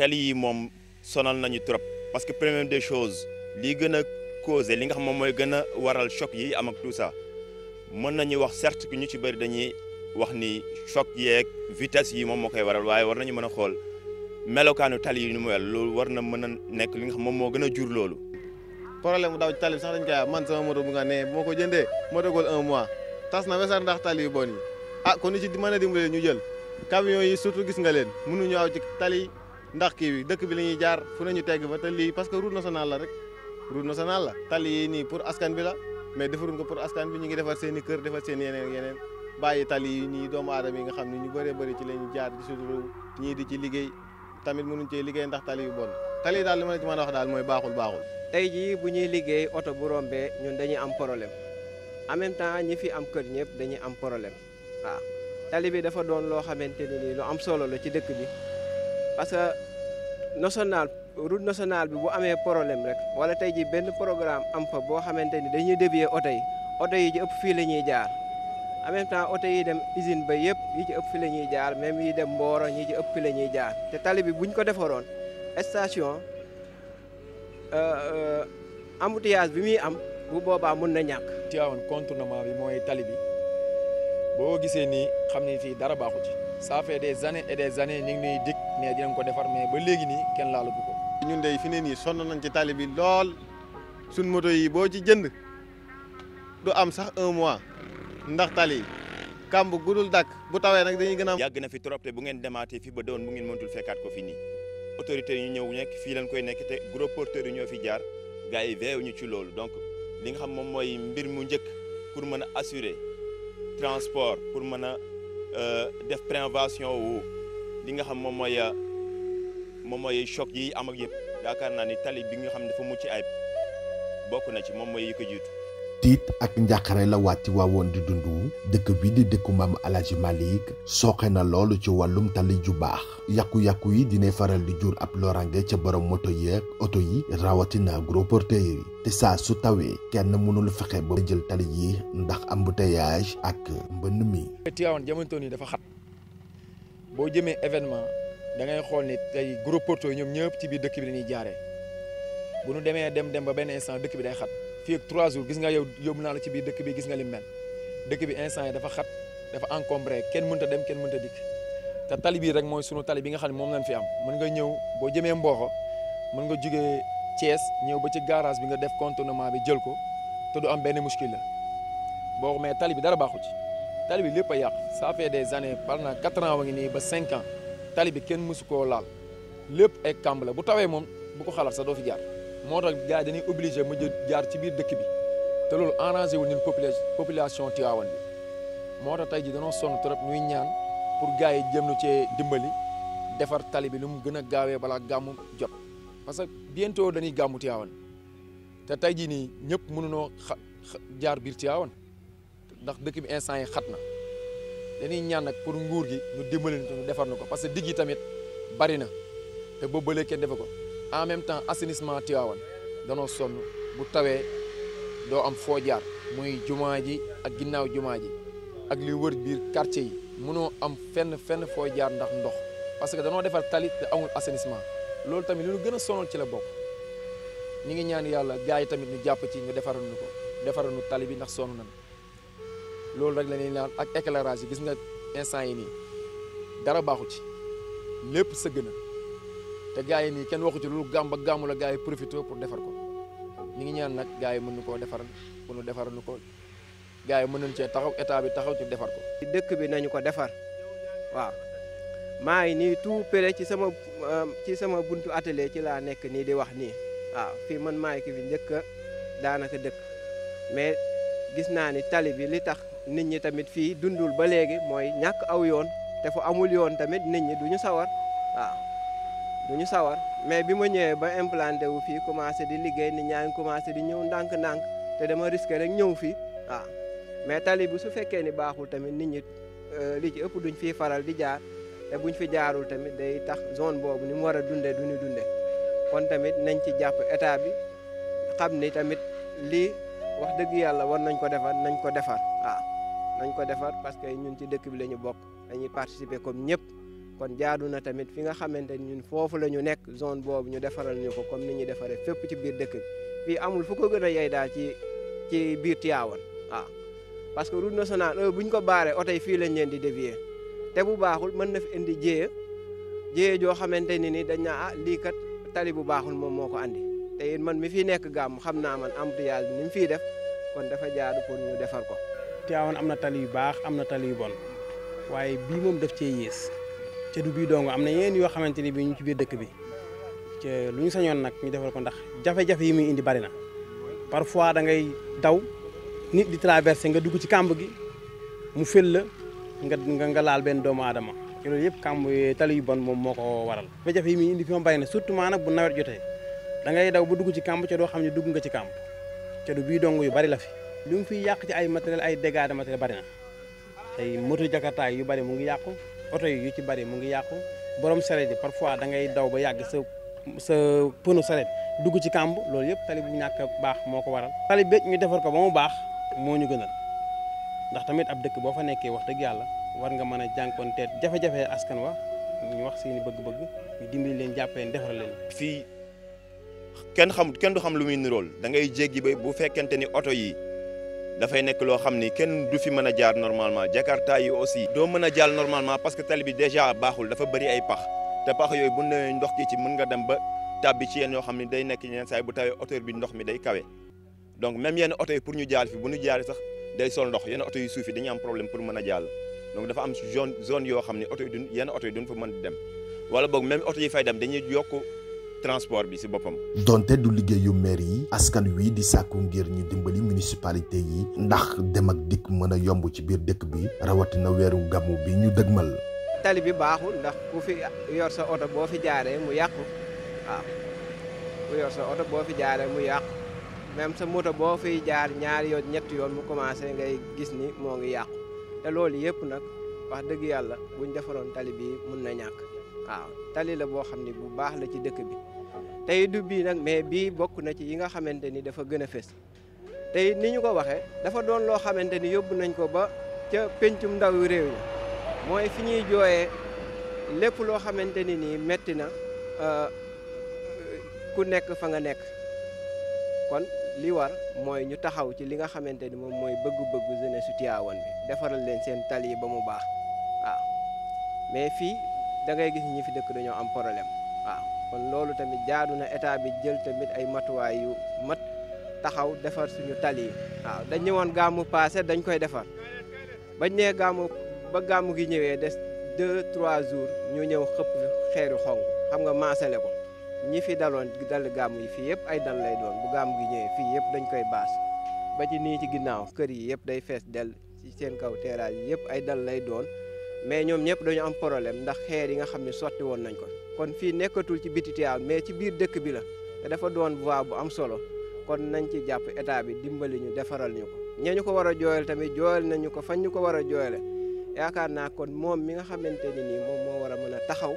tali yi moom sonal nañu trop parce que première des choses lii gën a causé li nga xam moom mooy gën a waral choc yi am ak tout ça mën nañu wax certes que ñu ci bëri dañuy wax ni choc yeeg vitesse yi moom moo koy waral waaye war nañu mën a xool melokaanu tali yi ni mu mel loolu war na mën a nekk li nga xam moo gën a jur loolu. problème bu daw ci tali bi sax dañ koy am man sama moto bu nga nee moo ko jëndee moo dogol un mois tas na wesar ndax tali yu bon ah, mën a dimbali ñu jël camion yi surtout gis nga leen mënuñu aw ci tali ndax kii bi dëkk bi la ñuy jaar fu nañu tegg fa te lii parce que route nationale la rek route nationale la tali yi nii pour askan bi la mais defaruñ ko pour askan bi ñu ngi defar seen i kër defar seen yeneen yeneen bàyyi tali yi nii doomu aadama yi nga xam ne ñu bëree bëri ci la ñu jaar ci suñu réew ñii di ci liggéey tamit mu mënuñ cee liggéey ndax tali yu bon tali yi daal li ma la ci mën a wax daal mooy baaxul baaxul tey jii bu ñuy liggéey oto bu bee ñun dañuy am problème en même temps ñi fi am kër ñëpp dañu am problème waaw tali bi dafa doon loo xamante ni lu am solo la ci dëkk bi parce que national route nationale bi bu amee problème rek wala tey ji benn programme am pa boo xamante ni dañuy dévier oto yi oto yi ci ëpp fii la ñuy jaar en même temps yi dem usine ba yëpp yi ci ëpp fi la ñuy jaar même yi dem Mboro ñi ci ëpp fi ñuy jaar te tali bi buñ ko defaroon station euh, euh, embouteillage bi muy am bu boobaa mun na ñàkk. Tivaouane contournement bi mooy tali bi boo gisee nii xam ni fii dara baaxu ci ça fait des années et des années ñu mais dinañ ko defar mais ba léegi nii kenn laalagu ko. ñun de fi ne nii sonn nañ ci tali bi lool suñ moto yi boo ci jënd du am sax un mois ndax tali yi kàmb gudul dàkk bu tawee nag dañuy gën a. yàgg na fi trop te bu ngeen demaatee fi ba doon bu ngeen mëntul fekkaat ko fi nii autorité yi ñëw nekk fii lañ koy nekk te gros porteurs yi ñoo fi jaar gars yi veewu ñu ci loolu donc li xam moom mooy mbir mu njëkk pour mën a assurer transport pour mën a euh, def prévention wu. li nga xam moom mooy euh, moom mooy choc yi am ak yëpp yaakaar naa ni tali bi nga xam dafa mucc ayib bokk na ci moom mooy yi ko jiitu. tiit ak njàqare la wàcci waawoon di dund dëkk bi di dëkku maam Alaaji Malick sooxe na loolu ci wàllum tali ju baax yàqu-yàqu yi dinay faral di jur ab lorange ca borom moto yeeg oto yi rawatina gros porteurs yi te saa su tawee kenn mënul fexe ba jël tali yi ndax embouteillage ak mbënn mi. Tivaouane jamono yi boo jëmee événement da ngay xool ni tey gros porteurs ñoom ñëpp ci biir dëkk bi dañuy jaaree bu ñu demee dem dem ba benn instant dëkk bi day xat fii ak 3 jours gis nga yow yóbbu naa la ci biir dëkk bi gis nga li mel dëkk bi instant yi dafa xat dafa encombré kenn mënta dem kenn mënta dikk te tali bii rek mooy sunu tali bi nga xam ne moom lañ fi am mën nga ñëw boo jëmee Mbooxo mën nga jugee Thiès ñëw ba ci garage bi nga def contournement bi jël ko te du am benn muskil la boo mais tali bi dara baaxu ci. tali bi lépp a yàq ça fait des années pendant quatre ans wa ngi nii ba cinq ans tali bi kenn mësu koo laal lépp ay kàmb la bu tawee moom bu ko xalaat sax doo fi jaar moo tax gars yi dañuy obligé mujj jaar ci biir dëkk bi te loolu arrangé wu ñun population Tivaouane bi moo tey ji danoo sonn trop ñuy ñaan pour gars yi jëm nu cee dimbali defar tali bi lu mu gën a gaawee balaa gàmmu jot parce que bientôt dañuy gàmmu Tivaouane te tey jii nii ñëpp mënunoo xa jaar biir Tivaouane ndax dëkk bi instant yi xat na dañuy ñaan nag pour nguur gi ñu dimbali ñu defar na ko parce que digg yi tamit bari na te boobu ba kenn defe ko en même temps assainissement Tivaouane danoo sonn bu tawee doo am foo jaar muy jumaa ji ak ginnaaw jumaa ji ak li wër biir quartier yi mënoo am fenn fenn foo jaar ndax ndox parce que danoo defar tali te amul assainissement loolu tamit lu ñu gën a sonal ci la bokk ñu ngi ñaan yàlla gars yi tamit ñu jàpp ci ñu defaral ñu ko defaral tali bi ndax sonn nañ loolu rek la ñuy naan ak éclairage yi gis nga instant yi nii dara baaxu ci lépp sëgg te gars yi nii kenn waxu ci lu gàmm ba gàmmu la gars yi profité pour defar ko ñi ngi ñaan nag gars yi mën nu koo defar pour nu defar nu ko gars yi mën nañu cee taxaw état bi taxaw ci defar ko. ci dëkk bi nañu ko defar waaw maa ngi nii tout près ci sama ci sama buntu atelier ci laa nekk nii di wax nii waaw fii man maa ngi fi njëkk daanaka dëkk mais gis naa ni tali bi li tax. nit ñi tamit fii dundul ba léegi mooy ñàkk aw yoon te fu amul yoon tamit nit ñi duñu sawar waaw duñu sawar mais bi ma ñëwee ba implanté wu fii commencé di liggéey nit ñaa ngi commencé di ñëw ndànk-ndànk te dama risqué rek ñëw fii waaw mais tali bi su fekkee ni baaxul tamit nit ñi euh, li ci ëpp duñ fiy faral di jaar te buñ fi jaarul tamit day tax zone boobu ni mu war a dundee duñu dundee kon tamit nañ ci jàpp état bi xam ni tamit lii wax dëgg yàlla war nañ ko defar nañ ko defar nañ ko defar parce que ñun ci dëkk bi la ñu bokk dañuy participer comme ñëpp kon jaadu na tamit fi nga xamante ni ñun foofu la ñu nekk zone boobu ñu defaral ñu ko comme ni ñuy defaree fépp ci biir dëkk bi amul fu ko gën a yey ci ci biir Tivaouane waaw parce que route nationale heure ñu ko baaree oto fii lañ leen di dévier te bu baaxul mën na fi indi jéeya jéeya joo xamante ne ni dañ naa ah lii tali bu baaxul moom moo ko andi man mi fi nekk gàmm xam naa man embouteillage bi ni fiy def kon dafa jaadu pour ñu defar ko. te Tivaouane am na tali yu baax am na tali yu bon waaye bii moom def ci yées ca du bii dong am na yeneen yoo xamante ni bi ñu ci biir dëkk bi ca lu ñu sañoon nag ñu defal ko ndax jafe-jafe yi muy indi bari na parfois da ngay daw nit di traversé nga dugg ci kàmb gi mu fël la nga nga laal benn doomu aadama te loolu yëpp kàmb tali yu bon moom moo ko waral. jafe yi muy indi fi ma bari na surtout nag bu nawet jotee da ngay daw bu dugg ci kàmb ca doo xam ne dugg nga ci kàmb ca du bii dong yu bari la fi. lu mu fiy yàq ci ay matériel ay dégâts de matériel bari na ay moto jakartaay yu bari mu ngi yàqu oto yi yu ci bari mu ngi yàqu borom sareet yi parfois da ngay daw ba yàgg sa sa pneu sareet dugg ci kàmb loolu yëpp tali bu ñàkk baax moo ko waral. tali bi ñu defar ko ba mu baax moo ñu gënal ndax tamit ab dëkk boo fa nekkee wax dëgg yàlla war nga mën a jànkoonteet jafe-jafe askan wa ñu wax seeni bëgg-bëgg ñu dimbali leen jàppale defar leen. fii kenn xamut kenn du xam lu muy nirool da ngay jéggi bu fekkente ni oto yi. dafay nekk loo xam ni kenn du fi mën a jaar normalement jakarta yi aussi doo mën a jaar normalement parce que tali bi déjà baaxul dafa bëri ay pax te pax yooyu bu newee ndox ki ci mën nga dem ba tàbbi ci yeen yoo xam ne day nekk yenn saa bu tawee hauteur bi ndox mi day kawe donc même yenn oto yi pour ñu jaar fi bu ñu jaaree sax day sol ndox yenn oto yu suuf yi dañuy am problème pour mën a jaal donc dafa am zone zone yoo xam ne oto yi duñ yenn oto yi duñ fa mën dem wala boog même yi fay dem dañuy yokk transport bi si boppam. donte du liggéeyu mer yi askan wii di sàkku ngir ñu dimbali municipalité yi ndax dem ak dikk mën a yomb ci biir dëkk bi rawatina weeru gàmmu bi ñu dëgmal. tali bi baaxul ndax ku fi yor sa oto boo fi jaaree mu yàqu waaw yor sa oto boo fi jaaree mu yàqu même sa moto boo fiy jaar ñaari yoon ñetti yoon mu commencé ngay gis ni moo ngi yàqu te loolu yëpp nag wax dëgg yàlla buñ defaroon tali bi mun na ñàkk waaw tali la boo xam ne bu baax la ci dëkk bi. tey du bii nag mais bii bokk na ci yi nga xamante ni dafa gën a fës tey ni ñu ko waxee dafa doon loo xamante ni yóbbu nañ ko ba ca pencum ndaw réew yi mooy fi ñuy jooyee lépp loo xamante ni nii metti na euh, ku nekk fa nga nekk kon li war mooy ñu taxaw ci li nga xamante ni moom mooy bëgg-bëggu jeunesse su Tivaouane bi leen seen tali yi ba mu baax waaw mais fii da ngay gis ñi fi dëkk dañoo am problème waaw kon loolu tamit jaanu na état bi jël tamit ay matuwaay yu mat taxaw defar suñu tali yi waaw dañ woon gàmmu paase dañ koy defar bañ nee gàmmu ba gàmmu gi ñëwee des deux trois jours ñu ñëw xëpp xeeru xong xam nga maasale ko ñi fi daloon dal gàmmu yi fii yëpp ay dal lay doon bu gàmmu gi ñëwee fii yëpp dañ koy baas ba ci nii ci ginnaaw kër yi yëpp day fees dell ci seen kaw terrasse yi yëpp ay dal lay doon mais ñoom ñëpp dañu am problème ndax xeer yi nga xam ne sotti woon nañ ko kon fii nekkatul ci biti Tivaouane mais ci biir dëkk bi la te dafa doon voie bu am solo kon nañ ci jàpp état bi dimbali ñu defaral ñu ko ñee ñu ko war a jooyal tamit jooyal nañu ko fañ ñu ko war a jooyale yaakaar naa kon moom mi nga xamante ni nii moom moo war a mën a taxaw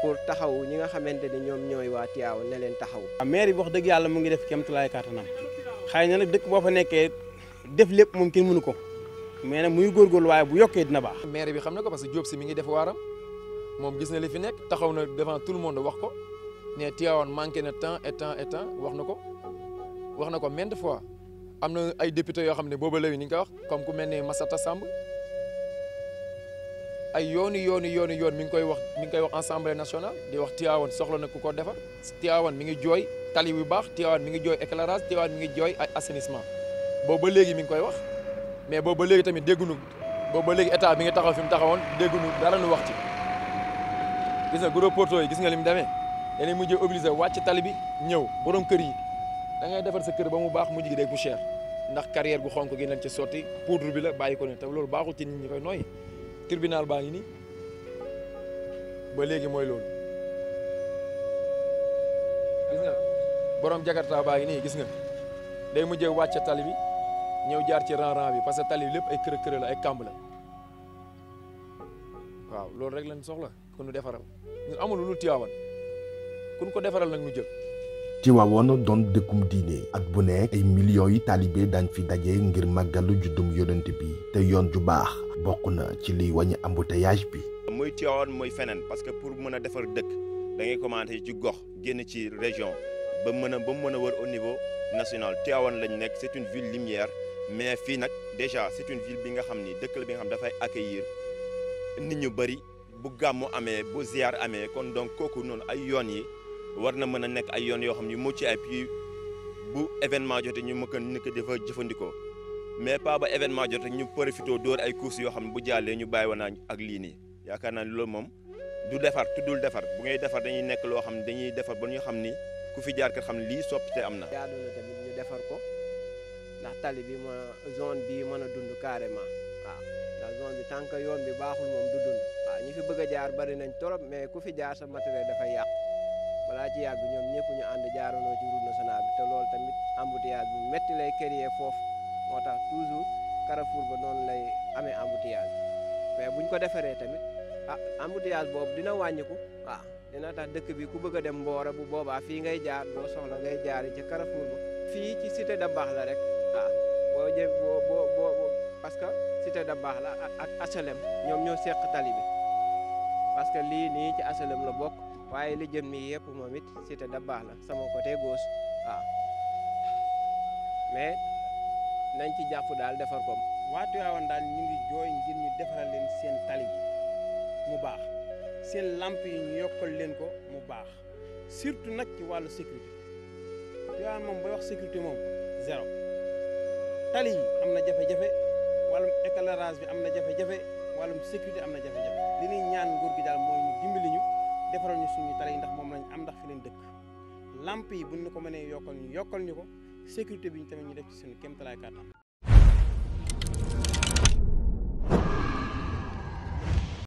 pour taxaw ñi nga xamante ni ñoom ñooy waa Tivaouane ne leen taxaw maire bi wax dëgg yàlla mu ngi def kéemtulaay kàttanam xëy na nag dëkk boo fa nekkee def lépp moom kenn mënu ko mais nag muy góorgóorlu waaye bu yokkee dina baax. maire bi xam na ko parce que Diop si ngi def waaram moom gis na li fi nekk taxaw na devant tout le monde wax ko ne Tivaouane manqué na temps temps et temps wax na ko wax na ko maintes fois am na ay député yoo xam ne booba léegi ni nga ko wax comme ku mel ne Massata Samb ay yoonu yoonu yoonu yoon mi ngi koy wax mi ngi koy wax assemblée nationale di wax Tivaouane soxla na ku ko defar Tivaouane mi ngi jooy tali bu baax Tivaouane mi ngi jooy éclairage Tivaouane mi ngi jooy ay assainissement boobu léegi mi ngi koy wax. mais boobu ba léegi tamit dégguñu boobu ba léegi état bi nga taxaw fi mu taxawoon dégguñu dara lu wax ci gis nga gros porteurs yi gis nga li mu demee dañuy mujjee obligé wàcc tali bi ñëw borom kër yi da ngay defar sa ba mu baax mujj gi dégg mu cher ndax carrière gu xonk gi lañ ci sotti poudre bi la bàyyi ko ni te loolu baaxul ci nit ñi koy nooy baa ngi nii ba léegi mooy loolu gis nga borom jakarta baa ngi nii gis nga day mujjee wàcc tali bi. ñëw jaar ci rang rang bi parce que tali bi lépp ay kër kër la ay kàmb la waaw loolu rek lañ soxla ku nu defaral ñun amul lu Tiwaawan ku ko defaral nag ñu jël. Tiwaawan doon dëkkum diine ak bu nekk ay millions yi taalibe daañ fi dajee ngir màggalu juddum yonent bi te yoon ju baax bokk na ci liy wàññi embouteillage bi. muy Tiwaawan muy feneen parce que pour mën a defar dëkk da ngay commencé ci gox génn ci région ba mën a ba mu a wër au niveau national Tiwaawan lañ nekk c'est une ville lumière mais fii nag déjà c'est une ville bi nga xam ni dëkk bi nga xam dafay accueillir nit ñu bëri bu gàmmu amee bu ziar amee kon donc kooku noonu ay yoon yi war na mën a nekk ay yoon yoo xam ni mucc ay puis bu événement jotee ñu mëkk ni ko dafa jëfandikoo mais pas ba événement jotee ñu profité dóor ay courses yoo xam ne bu jaalee ñu bàyyi woon ak lii nii yaakaar naa loolu moom du defar tuddul defar bu ngay defar dañuy nekk loo xam ne dañuy defar ba ñu xam ni ku fi jaar kat xam ne lii soppite am na. jaadu na tamit ñu ko. ndax tali bi ma zone bi mën a dund carrément waaw ndax zone bi tànk que yoon bi baaxul moom du dund waaw fi bëgg a jaar bari nañ trop mais ku fi jaar sa dafa dafay yàqu balaa ci yàgg ñoom ñëpp ñu ànd jaarandoo ci route nationale bi te loolu tamit embouteillage bu métti lay créer foofu moo tax toujours carrefour ba noonu lay amee embouteillage mais buñ ko defaree tamit ah embouteillage boobu dina wàññiku waaw dina tax dëkk bi ku bëgg dem Mboro bu boobaa fii ngay jaar doo soxla ngay jaari ca carrefour ci cité da baax rek boo jë boo boo parce que cité da baax la ak HLM ñoom ñoo seq tali bi parce que lii nii ci HLM la bokk waaye li jëm nii yëpp moom it cité baax la sama côté boos waaw mais nañ ci jàpp daal defar ko. waa Tivaouane daal ñu ngi jooy ngir ñu defaral leen seen tali mu baax seen lamp yi ñu yokkal leen ko mu baax surtout nag ci wàllu sécurité moom bay wax sécurité moom zéro. tali yi am na jafe-jafe wàllum éclairage bi am na jafe-jafe wàllum sécurité am na jafe-jafe li ñuy ñaan nguur bi daal mooy ñu dimbali ñu defaral ñu suñu tali ndax moom lañ am ndax fu leen dëkk lamp yi buñ ñu ko mënee yokkal ñu yokkal ñu ko sécurité bi ñu tamit ñu def ci seen suñu kéemtalaay kàttan